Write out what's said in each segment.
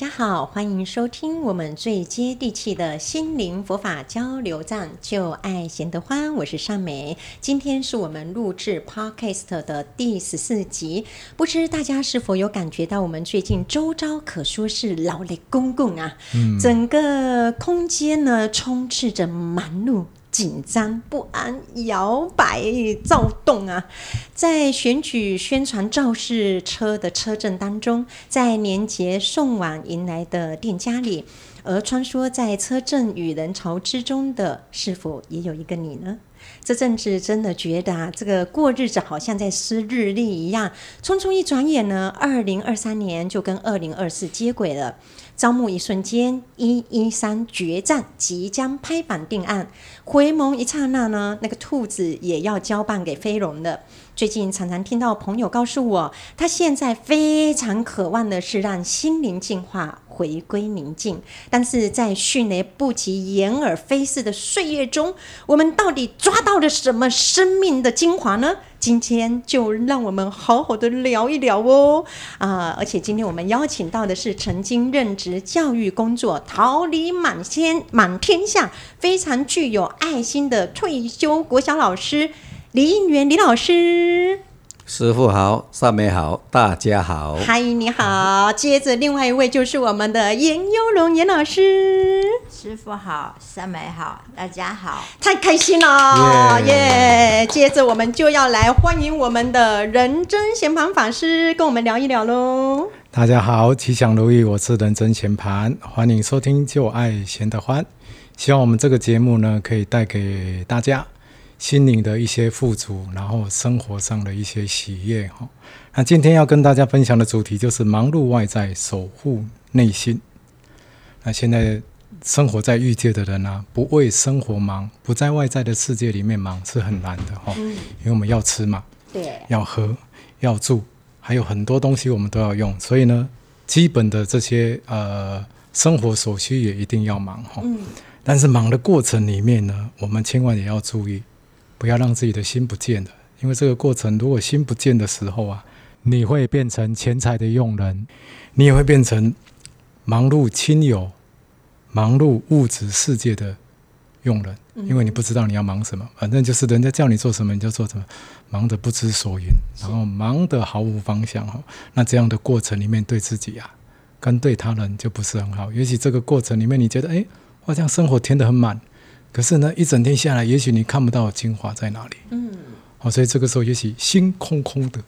大家好，歡迎收聽我們最接地氣的心靈佛法交流站，就愛賢得歡，我是尚美。今天是我們錄製 podcast 的第十四集，不知大家是否有感覺到，我們最近周遭可說是勞累公公啊、嗯，整個空間呢充斥着忙碌。緊張、不安、搖擺、躁動啊，在選舉宣傳造勢車的車陣當中，在年節送往迎來的店家裡，而穿梭在車陣與人潮之中的，是否也有一個你呢？這陣子真的覺得啊，這個過日子好像在撕日曆一樣，匆匆一轉眼呢，二零二三年就跟二零二四接軌了。招募一瞬間，一一三決戰即將拍板定案。回眸一剎那呢，那個兔子也要交辦給飛龍了。最近常常聽到朋友告訴我，他現在非常渴望的是讓心靈淨化。回歸寧靜，但是在迅雷不及掩耳飛逝的歲月中，我們到底抓到了什麼生命的精華呢？今天就讓我們好好的聊一聊哦。啊，而且今天我們邀請到的是曾經任職教育工作、桃李滿天滿天下、非常具有愛心的退休國小老師李應源李老師。師父好，三美好，大家好。嗨，你好。啊、接着，另外一位就是我們的顏攸蓉顏老師。師父好，三美好，大家好。太開心了，耶、yeah. yeah,！接着，我們就要來歡迎我們的仁增賢槃法師，跟我們聊一聊嘍。大家好，吉祥如意，我是仁增賢槃，歡迎收聽《就愛賢得歡》，希望我們這個節目呢，可以帶給大家。心靈的一些富足，然後生活上的一些喜悅，哈。那今天要跟大家分享的主題就是忙碌外在，守護內心。那現在生活在欲界的人呢，啊，不為生活忙，不在外在的世界裡面忙是很難的，哈。因為我們要吃嘛，對，要喝，要住，還有很多東西我們都要用，所以呢，基本的這些呃生活所需也一定要忙，哈。但是忙的過程裡面呢，我們千萬也要注意。不要讓自己的心不見了，因為這個過程，如果心不見的時候啊，你會變成錢財的傭人，你也會變成忙碌親友、忙碌物質世界的傭人，因為你不知道你要忙什麼，嗯、反正就是人家叫你做什麼你就做什麼，忙得不知所云，然後忙得毫無方向。那這樣的過程裡面，對自己啊跟對他人就不是很好。也許這個過程裡面，你覺得哎，好像生活填得很滿。可是呢，一整天下來，也許你看不到精華在哪裡。嗯，好、哦，所以這個時候也許心空空的，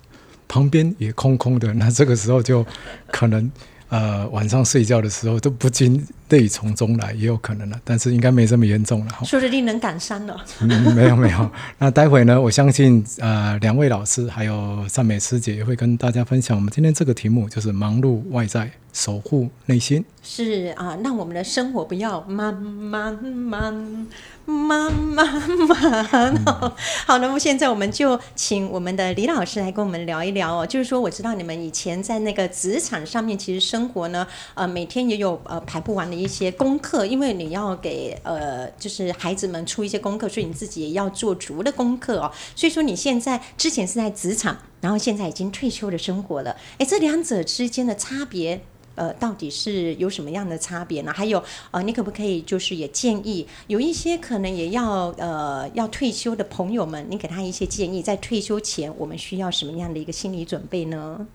旁邊也空空的，那這個時候就可能，呃，晚上睡覺的時候都不禁。對從中來也有可能了，但是應該沒這麼嚴重了。說不定能趕上了。嗯，沒有沒有。 那待會呢？我相信呃，兩位老師還有讚美師姐也會跟大家分享。我們今天這個題目就是忙碌外在，守護內心。是啊，讓我們的生活不要慢慢慢忙忙忙。好，那麼現在我們就請我們的李老師來跟我們聊一聊哦。就是說，我知道你們以前在那個職場上面，其實生活呢，呃，每天也有呃排不完的。一些功課，因為你要給呃，就是孩子們出一些功課，所以你自己也要做足的功課哦。所以說你現在之前是在職場，然後現在已經退休的生活了。誒，這兩者之間的差別，呃，到底是有什麼樣的差別呢？還有呃，你可不可以就是也建議有一些可能也要呃要退休的朋友們，你給他一些建議，在退休前我們需要什麼樣的一個心理準備呢？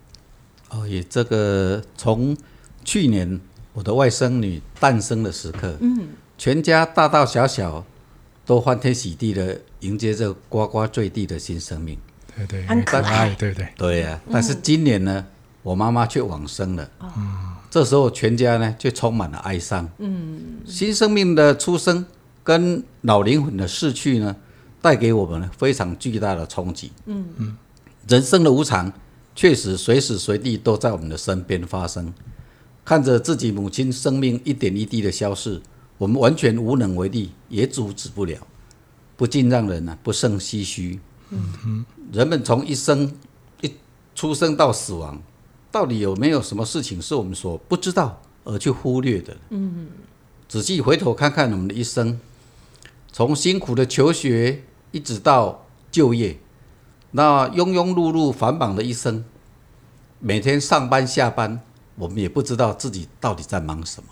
哦，也這個從去年。我的外甥女誕生的時刻，嗯，全家大大小小都歡天喜地的迎接這呱呱墜地的新生命，對對，很可愛，對對對呀，啊嗯。但是今年呢，我媽媽卻往生了，啊，嗯，這時候全家呢卻充滿了哀傷，嗯嗯嗯。新生命的出生跟老靈魂的逝去呢，帶給我們非常巨大的衝擊，嗯嗯，人生的無常確實隨時隨地都在我們的身邊發生。看着自己母親生命一點一滴的消逝，我們完全無能為力，也阻止不了，不禁讓人啊，不勝唏噓。嗯哼，人們從一生一出生到死亡，到底有沒有什麼事情是我們所不知道而去忽略的？嗯哼，仔細回頭看看我們的一生，從辛苦的求學，一直到就業，那庸庸碌碌、繁忙的一生，每天上班下班。我們也不知道自己到底在忙什麼。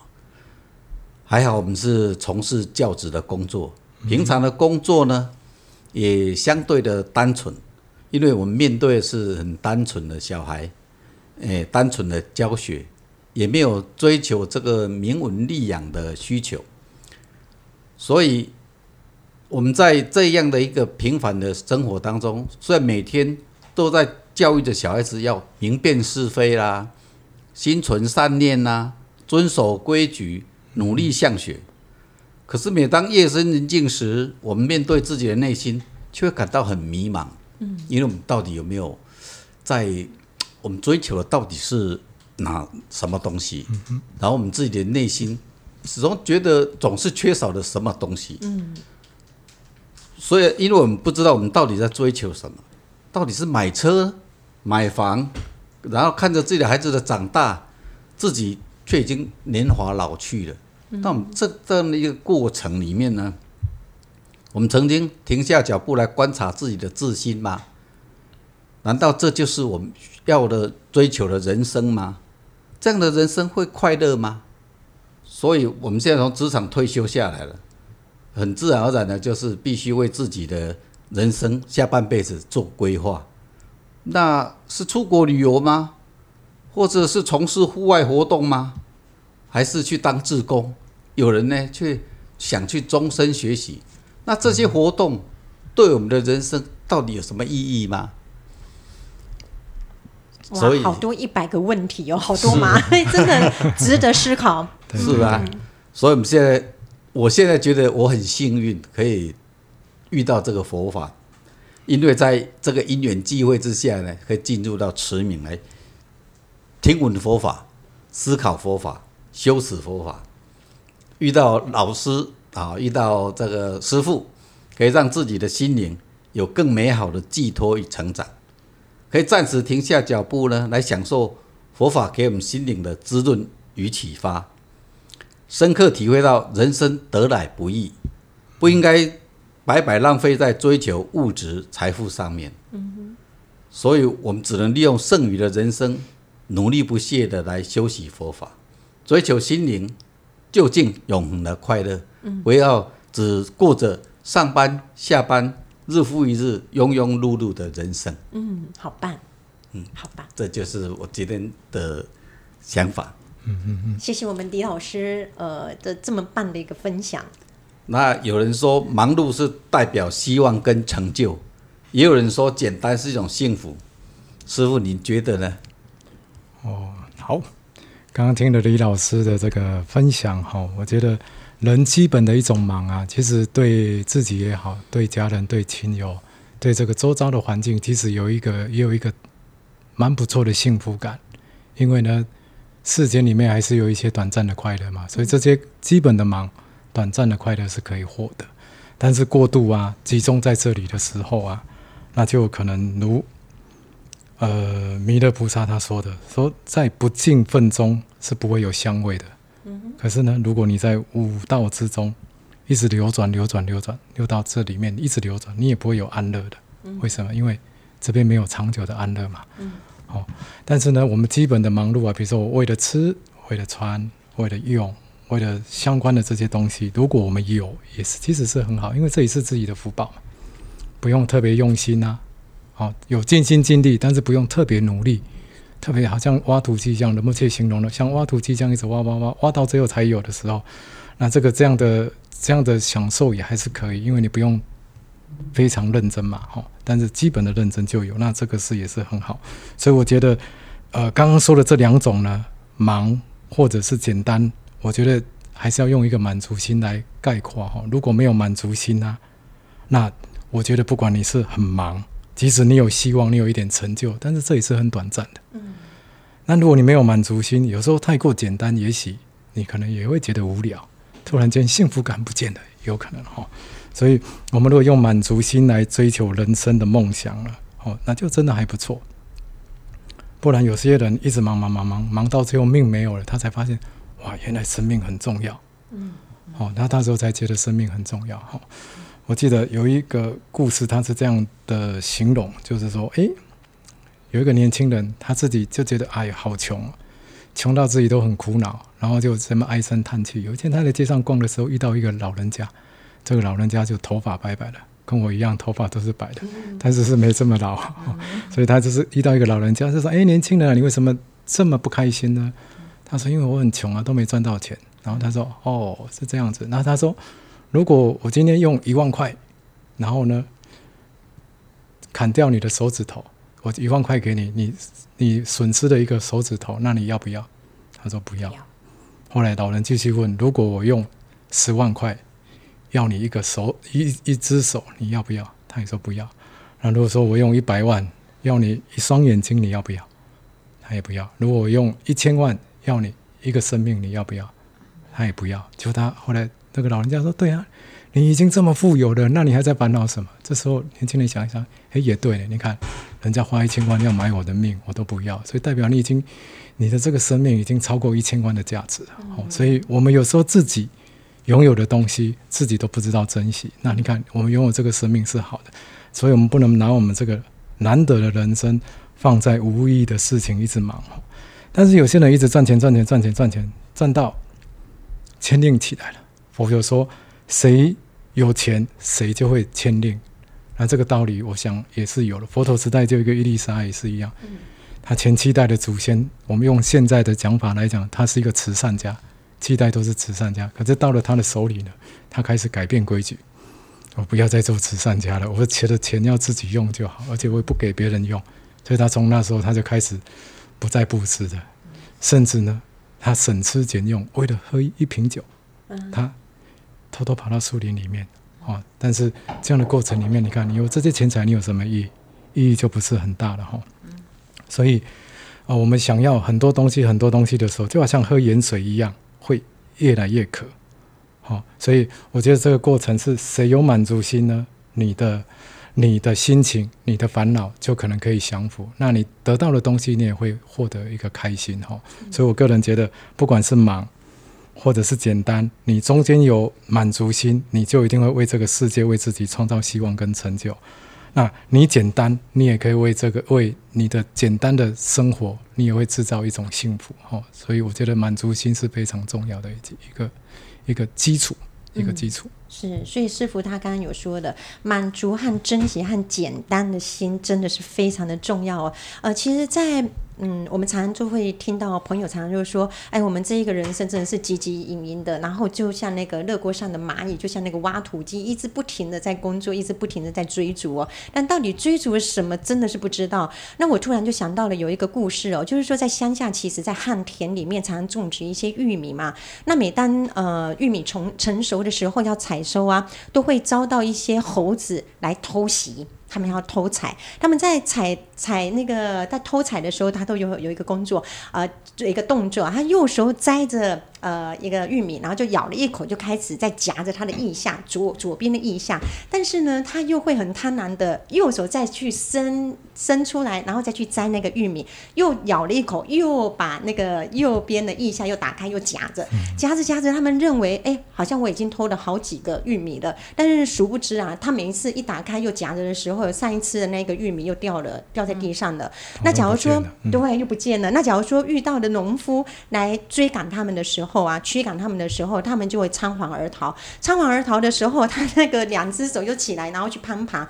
還好我們是從事教職的工作，平常的工作呢，也相對的單純，因為我們面對的是很單純的小孩，哎、欸，單純的教學，也沒有追求這個名聞利養的需求，所以我們在這樣的一個平凡的生活當中，雖然每天都在教育着小孩子要明辨是非啦。心存善念吶、啊，遵守規矩，努力向學、嗯。可是每當夜深人靜時，我們面對自己的內心，卻會感到很迷茫、嗯。因為我們到底有沒有在我們追求的到底是哪什麼東西、嗯哼？然後我們自己的內心始終覺得總是缺少了什麼東西。嗯、所以，因為我們不知道我們到底在追求什麼，到底是買車、買房。然後看着自己的孩子的長大，自己卻已經年華老去了。那我們這，這樣的一個過程裡面呢，我們曾經停下腳步來觀察自己的自心嗎？難道這就是我們要的追求的人生嗎？這樣的人生會快樂嗎？所以我們現在從職場退休下來了，很自然而然的就是必須為自己的人生下半輩子做規劃。那是出國旅遊嗎？或者是從事戶外活動嗎？還是去當志工？有人呢去想去終身學習？那這些活動對我們的人生到底有什麼意義嗎？所以好多一百個問題哦，好多嗎？ 真的值得思考。是啊，所以我們現在，我現在覺得我很幸運，可以遇到這個佛法。因為在這個因緣際會之下呢，可以進入到持明來聽聞佛法、思考佛法、修持佛法。遇到老師啊，遇到這個師父，可以讓自己的心靈有更美好的寄託與成長。可以暫時停下腳步呢，來享受佛法給我們心靈的滋潤與啟發，深刻體會到人生得來不易，不應該。白白浪費在追求物質財富上面，嗯哼，所以我們只能利用剩餘的人生，努力不懈地來修習佛法，追求心靈究竟永恆的快樂，嗯，不要只過着上班下班日復一日庸庸碌碌的人生。嗯，好棒，嗯，好棒，這就是我今天的想法。嗯嗯嗯，謝謝我們李老師，呃，的這麼棒的一個分享。那有人說忙碌是代表希望跟成就，也有人說簡單是一種幸福。師父，您覺得呢？哦，好，剛剛聽了李老師的這個分享哈，我覺得人基本的一種忙啊，其實對自己也好，對家人、對親友、對這個周遭的環境，其實有一個也有一個蠻不錯的幸福感，因為呢，世間裡面還是有一些短暫的快樂嘛，所以這些基本的忙。嗯短暫的快樂是可以獲得，但是過度啊，集中在這裡的時候啊，那就可能如呃彌勒菩薩他說的，說在不淨糞中是不會有香味的。可是呢，如果你在五道之中一直流轉、流轉、流轉，流到這裡面一直流轉，你也不會有安樂的。為什麼？因為這邊沒有長久的安樂嘛。哦。但是呢，我們基本的忙碌啊，比如說我為了吃、為了穿、為了用。為了相關的這些東西，如果我們有，也是其實是很好，因為這也是自己的福報嘛，不用特別用心吶、啊，好、哦、有盡心盡力，但是不用特別努力，特別好像挖土機一樣的，不去形容了，像挖土機這樣一直挖挖挖，挖到最後才有的時候，那這個這樣的這樣的享受也還是可以，因為你不用非常認真嘛，哈、哦，但是基本的認真就有，那這個是也是很好，所以我覺得，呃，剛剛說的這兩種呢，忙或者是簡單。我覺得還是要用一個滿足心來概括哈。如果沒有滿足心呢，啊，那我覺得不管你是很忙，即使你有希望，你有一點成就，但是這也是很短暫的。嗯。那如果你沒有滿足心，有時候太過簡單，也許你可能也會覺得無聊，突然間幸福感不見了，有可能哈。所以，我們如果用滿足心來追求人生的夢想了，哦，那就真的還不錯。不然，有些人一直忙忙忙忙忙到最後命沒有了，他才發現。哇，原來生命很重要。嗯，好、嗯哦，那時候才覺得生命很重要。哈、哦嗯，我記得有一個故事，他是這樣的形容，就是說，哎，有一個年輕人，他自己就覺得，哎，好窮，窮到自己都很苦惱，然後就這麼唉聲嘆氣。有一天，他在街上逛的時候，遇到一個老人家，這個老人家就頭髮白白的，跟我一樣，頭髮都是白的，嗯、但是是沒這麼老。哦嗯、所以，他就是遇到一個老人家，就說：“哎，年輕人、啊，你為什麼這麼不開心呢？”他說：“因為我很窮啊，都沒賺到錢。”然後他說：“哦，是這樣子。”然後他說：“如果我今天用一萬塊，然後呢，砍掉你的手指頭，我一萬塊給你，你你損失的一個手指頭，那你要不要？”他說：“不要。”後來老人繼續問：“如果我用十萬塊，要你一個手，一一一隻手，你要不要？”他也說：“不要。”那如果說我用一百萬，要你一雙眼睛，你要不要？他也不要。如果我用一千萬，要你一個生命，你要不要？他也不要。就他後來那個老人家說：“對啊，你已經這麼富有了，那你還在煩惱什麼？”這時候年輕人想一想：“哎，也對。你看，人家花一千萬要買我的命，我都不要，所以代表你已經你的這個生命已經超過一千萬的價值了。嗯。所以，我們有時候自己擁有的東西，自己都不知道珍惜。那你看，我們擁有這個生命是好的，所以我們不能拿我們這個難得的人生放在無意義的事情一直忙。”但是有些人一直賺錢、賺錢、賺錢、賺錢，賺到慳吝起來了。佛陀說：“誰有錢，誰就會慳吝。”那這個道理，我想也是有了。佛陀時代就一個伊麗莎也是一樣，他前七代的祖先，我們用現在的講法來講，他是一個慈善家，七代都是慈善家。可是到了他的手裡呢，他開始改變規矩，我不要再做慈善家了，我覺得錢要自己用就好，而且我也不給別人用。所以他從那時候他就開始。不再不置的，甚至呢，他省吃儉用，為了喝一瓶酒，他偷偷跑到樹林裡面，哦，但是這樣的過程裡面，你看，你有這些錢財，你有什麼意義？意義就不是很大了，哈、哦。所以，啊、呃，我們想要很多東西，很多東西的時候，就好像喝鹽水一樣，會越來越渴，哈、哦。所以，我覺得這個過程是誰有滿足心呢？你的。你的心情，你的煩惱就可能可以降服。那你得到的東西，你也會獲得一個開心哈、嗯。所以我個人覺得，不管是忙，或者是簡單，你中間有滿足心，你就一定會為這個世界、為自己創造希望跟成就。那你簡單，你也可以為這個、為你的簡單的生活，你也會製造一種幸福哈。所以我覺得滿足心是非常重要的一一個一個基礎，一個基礎。嗯是，所以師父他剛剛有說的，滿足和珍惜和簡單的心，真的是非常的重要哦。呃，其實在，在嗯，我們常常就會聽到朋友常常就說，哎，我們這一個人生真的是汲汲營營的，然後就像那個熱鍋上的螞蟻，就像那個挖土機，一直不停的在工作，一直不停的在追逐哦。但到底追逐什麼，真的是不知道。那我突然就想到了有一個故事哦，就是說在鄉下，其實，在旱田裡面常常種植一些玉米嘛。那每當呃玉米從成熟的時候要採。時候啊，都會遭到一些猴子來偷襲，他們要偷採，他們在採採那個在偷採的時候，他都有有一個工作，啊、呃，這一個動作，他右手摘着。呃，一個玉米，然後就咬了一口，就開始在夾着它的腋下左左邊的腋下，但是呢，他又會很貪婪的右手再去伸伸出來，然後再去摘那個玉米，又咬了一口，又把那個右邊的腋下又打開，又夾着、嗯，夾着夾着，他們認為哎，好像我已經偷了好幾個玉米了，但是殊不知啊，他每一次一打開又夾着的時候，上一次的那個玉米又掉了，掉在地上了、嗯，那假如說，對，又不見了、嗯。那假如說遇到的農夫來追趕他們的時候，後啊，驅趕他們的時候，他們就會倉皇而逃。倉皇而逃的時候，他那個兩隻手就起來，然後去攀爬。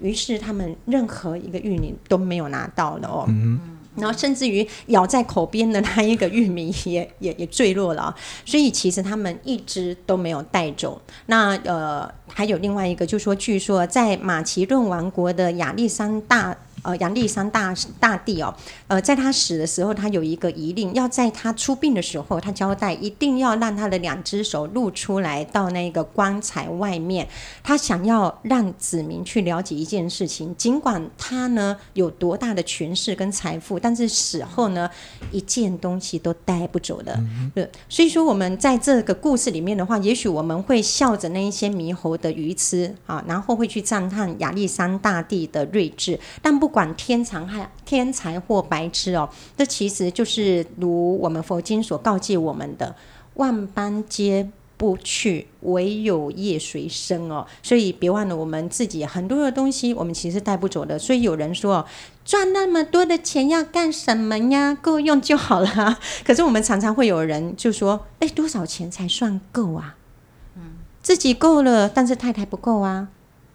於是他們任何一個玉米都沒有拿到了哦，嗯。然後甚至於咬在口邊的那一個玉米也也也墜落了，哦。所以其實他們一隻都沒有帶走。那呃，還有另外一個，就說據說在馬其頓王國的亞歷山大。呃，亞歷山大大帝哦，呃，在他死的時候，他有一個遺令，要在他出殯的時候，他交代一定要讓他的兩只手露出來到那個棺材外面，他想要讓子民去了解一件事情，儘管他呢有多大的權勢跟財富，但是死後呢一件東西都帶不走的，對。所以說，我們在這個故事裡面的話，也許我們會笑着那一些獼猴的愚癡啊，然後會去讚嘆亞歷山大帝的睿智，但不。不管天才還天才或白痴哦，這其實就是如我們佛經所告誡我們的，萬般皆不去，唯有業隨身哦。所以別忘了，我們自己很多的東西，我們其實帶不走的。所以有人說哦，賺那麼多的錢要幹什麼呀？夠用就好了啊。可是我們常常會有人就說，誒，多少錢才算夠啊？嗯，自己夠了，但是太太不夠啊。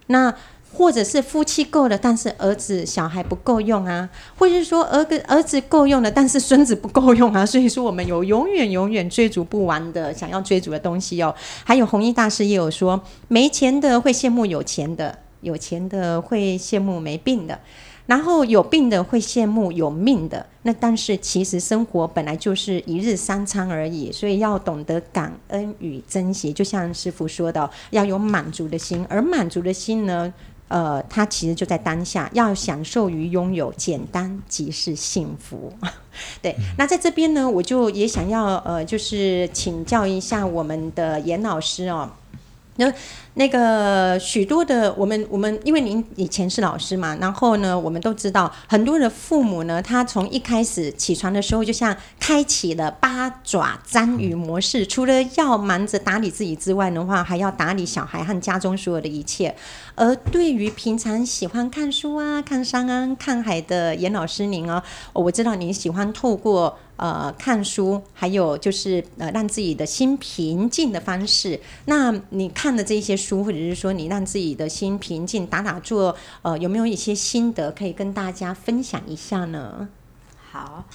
那。或者是夫妻夠了，但是兒子小孩不夠用啊，或者是說兒子兒子夠用了，但是孫子不夠用啊。所以說我們有永遠永遠追逐不完的想要追逐的東西哦。還有弘一大師也有說，沒錢的會羨慕有錢的，有錢的會羨慕沒病的，然後有病的會羨慕有命的。那但是其實生活本來就是一日三餐而已，所以要懂得感恩與珍惜。就像師父說的，哦，要有滿足的心，而滿足的心呢。呃，它其實就在當下，要享受於擁有，簡單即是幸福。 對，那在這邊呢，我就也想要呃，就是請教一下我們的顏老師哦。那那個許多的我們，我們因為您以前是老師嘛，然後呢，我們都知道很多的父母呢，他從一開始起床的時候，就像開啟了八爪章魚模式，除了要忙着打理自己之外的話，還要打理小孩和家中所有的一切。而對於平常喜歡看書啊、看山啊、看海的顏老師您哦，哦，我知道您喜歡透過。呃，看書，還有就是呃，讓自己的心平靜的方式。那你看的這些書，或者是說你讓自己的心平靜，打打坐，呃，有沒有一些心得可以跟大家分享一下呢？好，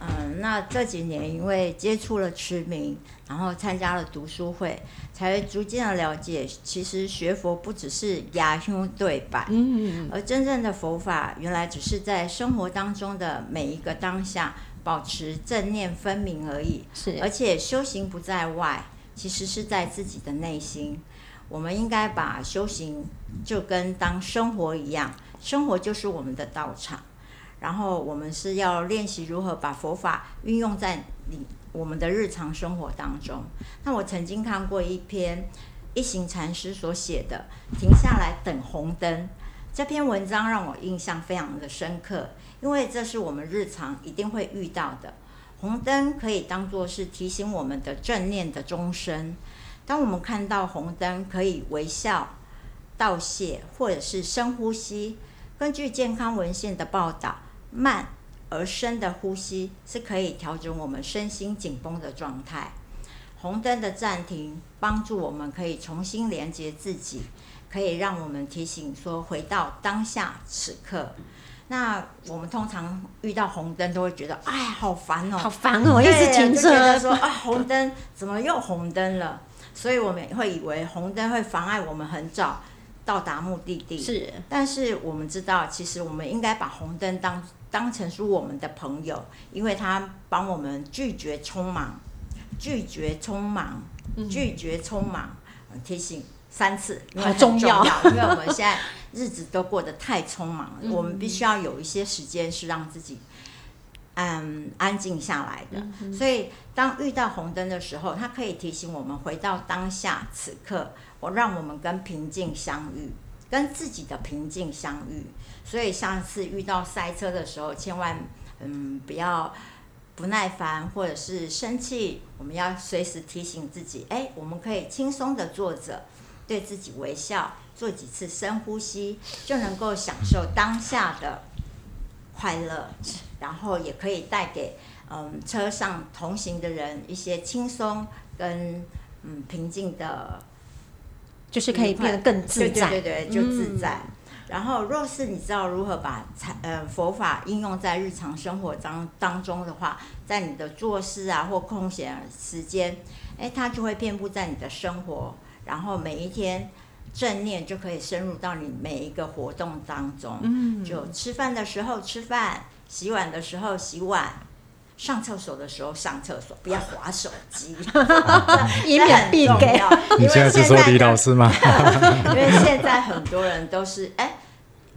嗯、呃，那這幾年因為接觸了持明，然後參加了讀書會，才會逐漸的了解，其實學佛不只是啞胸對白，嗯，而真正的佛法，原來只是在生活當中的每一個當下。保持正念分明而已，是。而且修行不在外，其實是在自己的內心。我們應該把修行就跟當生活一樣，生活就是我們的道場。然後我們是要練習如何把佛法運用在你我們的日常生活當中。那我曾經看過一篇一行禪師所寫的《停下來等紅燈》。這篇文章讓我印象非常的深刻，因為這是我們日常一定會遇到的。紅燈可以當做是提醒我們的正念的鐘聲。當我們看到紅燈，可以微笑、道謝，或者是深呼吸。根據健康文獻的報道，慢而深的呼吸是可以調整我們身心緊繃的狀態。紅燈的暫停，幫助我們可以重新連接自己。可以讓我們提醒說，回到當下此刻。那我們通常遇到紅燈都會覺得，哎，好煩哦，好煩哦，一直停車，啊說啊、哎，紅燈怎麼又紅燈了？ 所以我們會以為紅燈會妨礙我們很早到達目的地。是，但是我們知道，其實我們應該把紅燈當當成是我們的朋友，因為他幫我們拒絕匆忙，拒絕匆忙，拒絕匆忙，嗯嗯、提醒。三次很重，很重要，因為我們現在日子都過得太匆忙了， 我們必須要有一些時間是讓自己嗯安靜下來的。嗯、所以，當遇到紅燈的時候，它可以提醒我們回到當下此刻，我讓我們跟平靜相遇，跟自己的平靜相遇。所以上次遇到塞車的時候，千萬嗯不要不耐煩或者是生氣，我們要隨時提醒自己，哎、欸，我們可以輕鬆的坐着，對自己微笑，做幾次深呼吸，就能夠享受當下的快樂，然後也可以帶給嗯車上同行的人一些輕鬆跟嗯平靜的，就是可以變得更自在。對對，對，對，就自在。嗯、然後，若是你知道如何把財呃佛法應用在日常生活當當中的話，在你的做事啊或空閒、啊、時間，哎，它就會遍布在你的生活。然後每一天正念就可以深入到你每一個活動當中，嗯，就吃飯的時候吃飯，洗碗的時候洗碗，上廁所的時候上廁所，不要滑手機，一、嗯、板 必眼，不、嗯、要。你現在是說李老師嗎？ 因為現在很多人都是哎，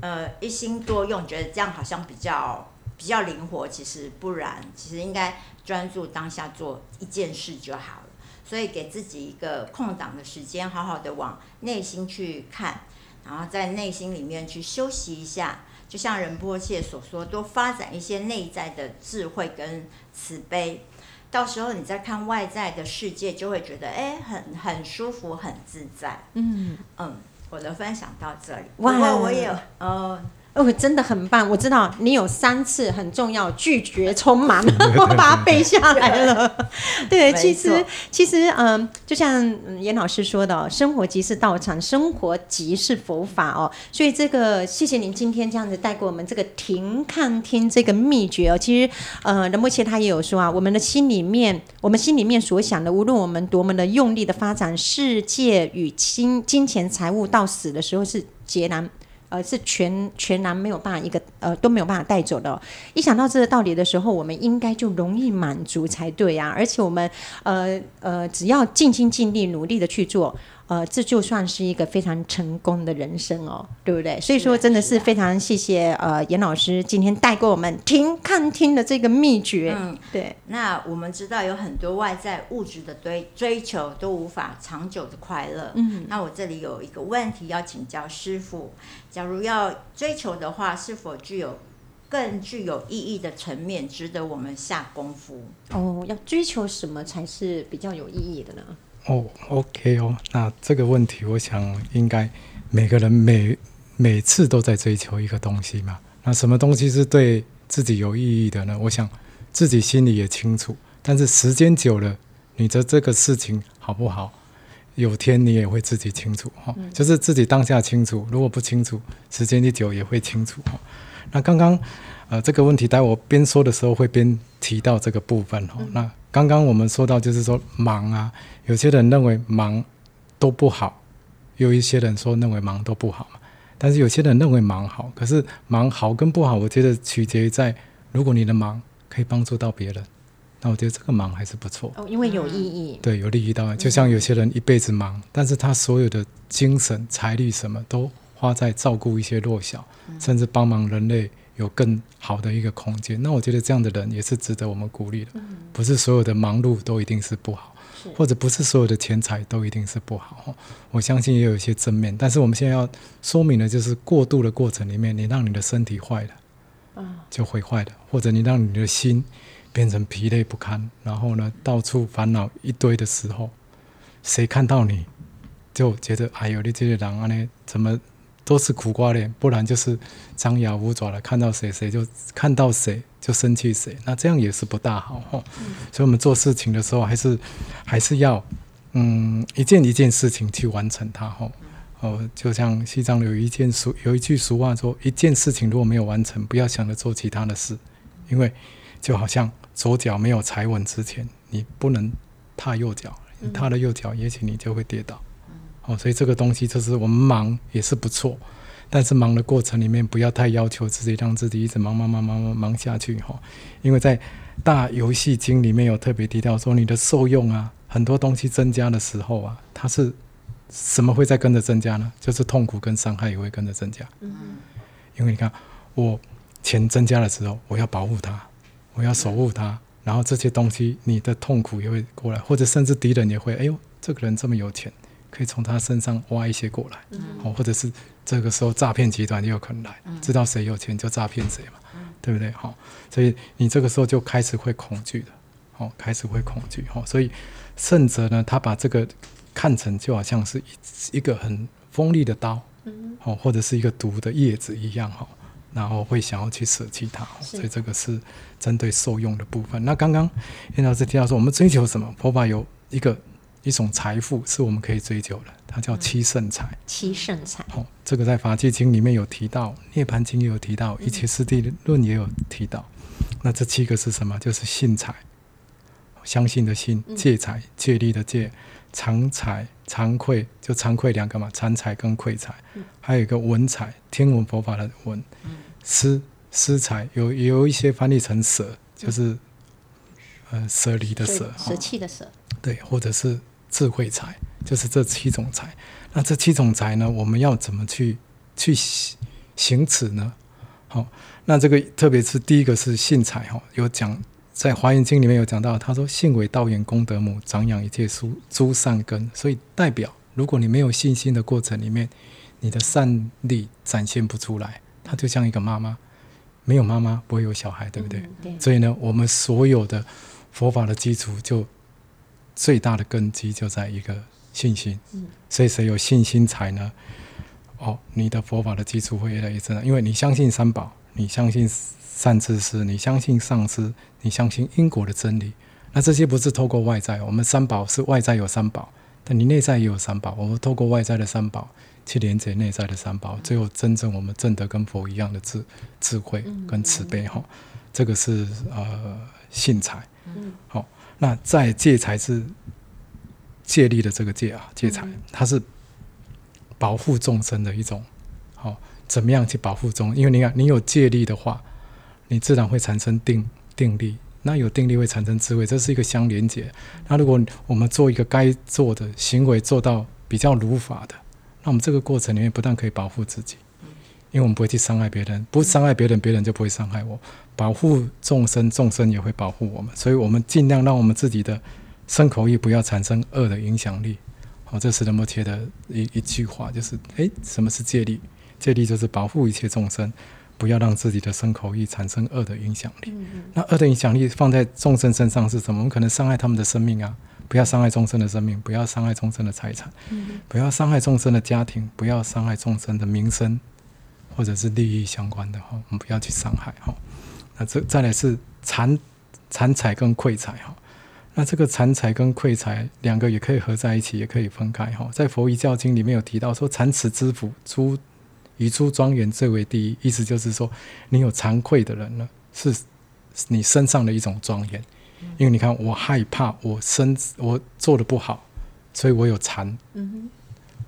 呃，一心多用，覺得這樣好像比較比較靈活，其實不然，其實應該專注當下做一件事就好了。所以給自己一個空檔的時間，好好的往內心去看，然後在內心裡面去休息一下。就像仁波切所說，多發展一些內在的智慧跟慈悲，到時候你再看外在的世界，就會覺得誒，很很舒服，很自在。嗯嗯，我的分享到這裡，哇，我也呃。哦哦、真的很棒！我知道你有三次很重要拒絕充滿， 我把它背下來了。 對，對，其實其實嗯、呃，就像顏老師說的，生活即是道場，生活即是佛法哦。所以這個，謝謝您今天這樣子帶給我們這個停看聽這個祕訣哦。其實，呃，那麼切他也有說啊，我們的心裡面，我們心裡面所想的，無論我們多麼的用力的發展世界與金金錢財物，到死的時候是劫難。呃，是全全然沒有辦法一個呃都沒有辦法帶走的哦。一想到這個道理的時候，我們應該就容易滿足才對呀啊。而且我們呃呃，只要盡心盡力、努力的去做。呃，這就算是一個非常成功的人生哦，對不對？啊，所以說真的是非常謝謝呃、啊啊，嚴老師今天帶給我們聽、看、聽的這個秘訣。嗯，對。那我們知道有很多外在物質的追追求都無法長久的快樂。嗯。那我這裡有一個問題要請教師父：假如要追求的話，是否具有更具有意義的層面，值得我們下功夫？哦，要追求什麼才是比較有意義的呢？哦、oh,，OK 哦，那這個問題，我想應該每個人每每次都在追求一個東西嘛。那什麼東西是對自己有意義的呢？我想自己心裡也清楚。但是時間久了，你的這個事情好不好，有天你也會自己清楚哈、嗯。就是自己當下清楚，如果不清楚，時間一久也會清楚哈。那剛剛呃這個問題，待我邊說的時候會邊提到這個部分哈、嗯哦。那。剛剛我們說到，就是說忙啊，有些人認為忙都不好，有一些人說認為忙都不好嘛，但是有些人認為忙好。可是忙好跟不好，我覺得取決於在，如果你的忙可以幫助到別人，那我覺得這個忙還是不錯。哦，因為有意義。對，有利益到。就像有些人一輩子忙，嗯，但是他所有的精神、財力什麼都花在照顧一些弱小，甚至幫忙人類。有更好的一個空間，那我覺得這樣的人也是值得我們鼓勵的。嗯。不是所有的忙碌都一定是不好，或者不是所有的錢財都一定是不好。我相信也有一些正面。但是我們現在要說明的就是，過度的過程裡面，你讓你的身體壞了，就會壞了。嗯，或者你讓你的心變成疲累不堪，然後呢，到處煩惱一堆的時候，誰看到你，就覺得哎呦，你這個人啊，怎麼？都是苦瓜臉，不然就是張牙舞爪的，看到誰誰就看到誰就生氣誰，那這樣也是不大好。嗯。所以，我們做事情的時候，還是還是要，嗯，一件一件事情去完成它哦，就像西藏有一件俗有一句俗話說，說一件事情如果沒有完成，不要想着做其他的事，因為就好像左腳沒有踩穩之前，你不能踏右腳，你踏了右腳，也許你就會跌倒。嗯哦，所以這個東西就是我們忙也是不錯，但是忙的過程裡面不要太要求自己，讓自己一直忙忙忙忙忙下去哈。因為在大遊戲經裡面有特別提到說，你的受用啊，很多東西增加的時候啊，它是什麼會再跟着增加呢？就是痛苦跟傷害也會跟着增加。嗯，因為你看，我錢增加的時候，我要保護它，我要守護它、嗯，然後這些東西，你的痛苦也會過來，或者甚至敵人也會，哎呦，這個人這麼有錢。可以從他身上挖一些過來，好、嗯，或者是這個時候詐騙集團也有可能來，嗯、知道誰有錢就詐騙誰嘛、嗯，對不對？好，所以你這個時候就開始會恐懼了，好，開始會恐懼，好，所以聖者呢，他把這個看成就好像是一一個很鋒利的刀，好、嗯，或者是一個毒的葉子一樣，哈，然後會想要去捨棄它，所以這個是針對受用的部分。那剛剛顏老師提到說，我們追求什麼？佛法有一個。一種財富是我們可以追求的，它叫七聖財。七聖財、哦，這個在《法界經》裡面有提到，《涅槃經》也有提到，《一切師地論》也有提到、嗯。那這七個是什麼？就是信財，相信的信；戒財，戒律的戒，慚、嗯、財，慚愧，就慚愧兩個嘛，慚財跟愧財、嗯。還有一個文財，聽聞佛法的文；施施財，有也有一些翻譯成捨，就是呃捨離的捨，捨棄、哦、的捨，對，或者是。智慧財就是這七種財，那這七種財呢？我們要怎麼去去行行持呢？好、哦，那這個特別是第一個是信財哈，有講在華嚴經裡面有講到，他說，信為道源功德母，長養一切諸諸善根。所以代表，如果你沒有信心的過程裡面，你的善力展現不出來，它就像一個媽媽，沒有媽媽不會有小孩，對不對、嗯、對？所以呢，我們所有的佛法的基礎就。最大的根基就在一個信心，所以誰有信心財呢？哦，你的佛法的基礎會越來越深，因為你相信三寶，你相信善知識，你相信上師，你相信因果的真理。那這些不是透過外在，我們三寶是外在有三寶，但你內在也有三寶。我們透過外在的三寶去連接內在的三寶，最後真正我們證得跟佛一樣的智智慧跟慈悲哈、嗯嗯嗯嗯。這個是呃信財好。那在戒財是戒力的這個戒啊，戒財，它是保護眾生的一種。好、哦，怎麼樣去保護眾？因為你看，你有戒力的話，你自然會產生定定力。那有定力會產生智慧，這是一個相連接。那如果我們做一個該做的行為，做到比較如法的，那我們這個過程裡面不但可以保護自己。因為我們不會去傷害別人，不傷害別人，別人就不會傷害我。保護眾生，眾生也會保護我們。所以，我們盡量讓我們自己的身口意不要產生惡的影響力。好、哦，這是摩伽的一一句話，就是：誒，什麼是戒力？戒力就是保護一切眾生，不要讓自己的身口意產生惡的影響力、嗯。那惡的影響力放在眾生身上是什麼？我們可能傷害他們的生命啊！不要傷害眾生的生命，不要傷害眾生的財產，嗯、不要傷害眾生的家庭，不要傷害眾生的名聲。或者是利益相關的哈，我們不要去傷害哈。那這再來是慚慚財跟愧財哈。那這個慚財跟愧財兩個也可以合在一起，也可以分開哈。在佛遺教經裡面有提到說，慚恥之服，諸於諸莊嚴最為第一，意思就是說，你有慚愧的人了，是你身上的一種莊嚴。因為你看，我害怕我身，我做的不好，所以我有慚。嗯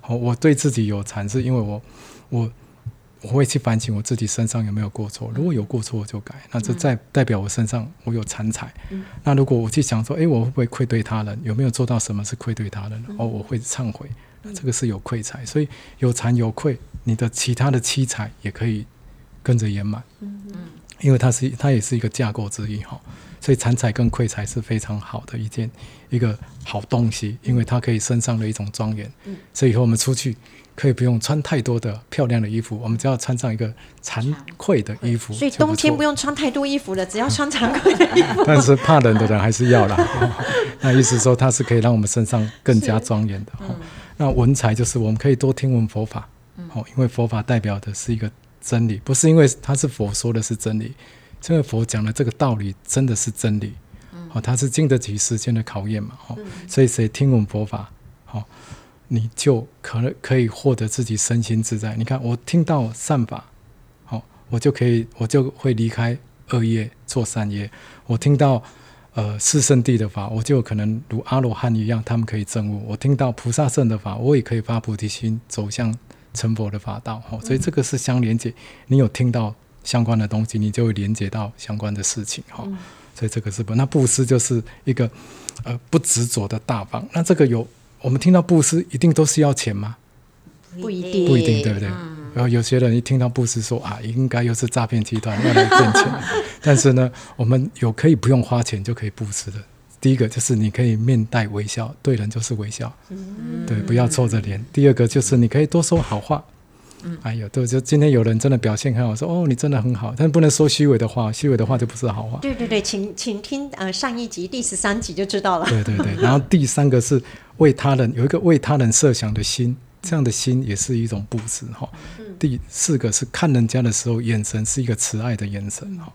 哼，好，我對自己有慚，是因為我我。我會去反省我自己身上有沒有過錯，如果有過錯我就改，那這代表我身上我有慚財、嗯。那如果我去想說，哎，我會不會愧對他人？有沒有做到什麼是愧對他人？嗯、哦，我會懺悔，那這個是有愧財、嗯。所以有慚有愧，你的其他的七財也可以跟着圓滿、嗯。因為它是它也是一個架構之一哈、哦，所以慚財跟愧財是非常好的一件一個好東西，因為它可以身上的一種莊嚴、嗯。所以以後我們出去。可以不用穿太多的漂亮的衣服，我們只要穿上一個慚愧的衣服、啊。所以冬天不用穿太多衣服了，只要穿慚愧的衣服。啊、但是怕冷的人還是要啦、 哦。那意思說，它是可以讓我們身上更加莊嚴的、哦嗯。那文采就是我們可以多聽聞佛法。好、哦，因為佛法代表的是一個真理，不是因為他是佛說的是真理，這、就、個、是、佛講的這個道理真的是真理。好、哦，它是經得起時間的考驗嘛。好、哦，所以誰聽聞佛法，好、哦。你就可能可以獲得自己身心自在。你看，我聽到善法，好，我就可以，我就會離開惡業，做善業。我聽到呃四聖諦的法，我就可能如阿羅漢一樣，他們可以證悟。我聽到菩薩聖的法，我也可以發菩提心，走向成佛的法道。好、嗯，所以這個是相連接。你有聽到相關的東西，你就會連接到相關的事情。好、嗯，所以這個是不，那布施就是一個呃不執着的大方。那這個有。我們聽到布施一定都是要錢嗎？不一定，不一定，對不對？然、啊、後有些人一聽到布施說啊，應該又是詐騙集團要來騙錢。 但是呢，我們有可以不用花錢就可以布施的。第一個就是你可以面帶微笑，對人就是微笑，嗯、對，不要臭着臉。第二個就是你可以多說好話。哎呦，對，就今天有人真的表現很好，說哦，你真的很好，但不能說虛偽的話，虛偽的話就不是好話。對對對，請請聽，呃，上一集第十三集就知道了。對對對，然後第三個是。為他人，有一個為他人設想的心，這樣的心也是一種布施哈。第四個是看人家的時候，眼神是一個慈愛的眼神哈。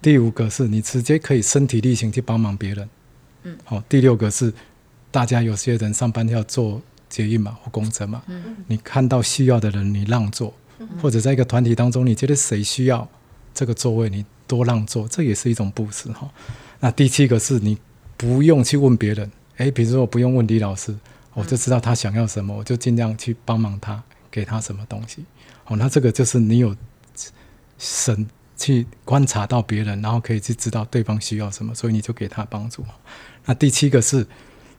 第五個是你直接可以身體力行去幫忙別人，好。第六個是大家，有些人上班要坐捷運嘛，或公車嘛，你看到需要的人，你讓座，或者在一個團體當中，你覺得誰需要這個座位，你多讓座，這也是一種布施哈。那第七個是你不用去問別人。哎，比如說我不用問李老師，我就知道他想要什麼，嗯，我就盡量去幫忙他，給他什麼東西。哦，那這個就是你有神去觀察到別人，然後可以去知道對方需要什麼，所以你就給他幫助。那第七個是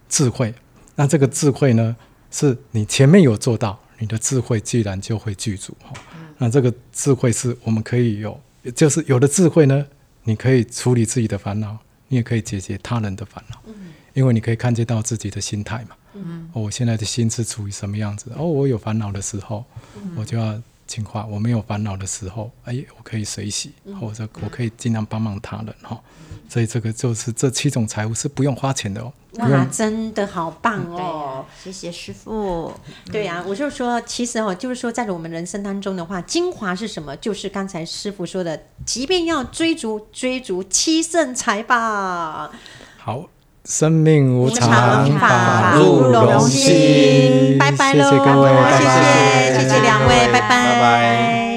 智慧，那這個智慧呢，是你前面有做到，你的智慧自然就會具足哈，嗯。那這個智慧是我們可以有，就是有了智慧呢，你可以處理自己的煩惱，你也可以解決他人的煩惱。嗯因為你可以看見到自己的心態嘛，嗯、哦，我現在的心是處於什麼樣子？哦，我有煩惱的時候，嗯、我就要淨化；我沒有煩惱的時候，哎，我可以隨喜，或、嗯、者、哦、我可以盡量幫忙他人哈、哦。所以這個就是這七種財富是不用花錢的哦。那真的好棒哦！嗯啊、謝謝師傅、嗯。對啊，我就說，其實哦，就是說，在我們人生當中的話，精華是什麼？就是剛才師傅說的，即便要追逐追逐七聖財吧。好。生命無常，法不容心。拜拜，謝謝各位，謝謝拜拜，謝、謝、謝謝兩位，拜拜。拜拜、拜拜、拜拜、拜拜。